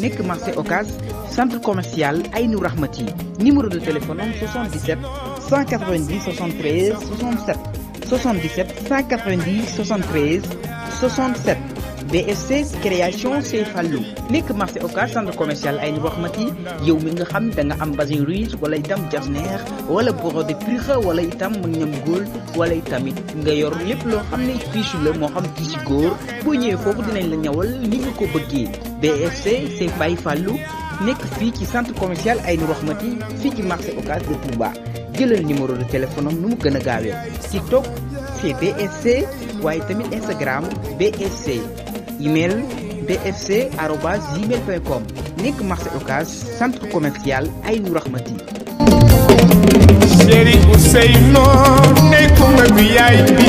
Nek marseille Ocas, centre commercial Aïnou Rahmati numéro de téléphone 77 190 73 67 77 190 73 67 BFC création Céphalou. Fallou nekk marché centre commercial a Rahmati yow mi nga xam da nga am riche wala itam jasneer wala de prixa wala itam mën Goul, wala itamit nga yor lépp hamne xam ne tissu la moo xam tissu góor boo ñëwee foofu dinañ la ñawal ko BFC Sey Baye Fallou ci centre commercial Aïnou Rahmati Fiki ci marché de Touba jëlal numéro de téléphone nu mu gën a gaawee TikTok fii BFC waaye tamit Instagram BFC email bfc arobas gmail com nekk marché Ocass centre commercial Aynu Rahmati. Serigne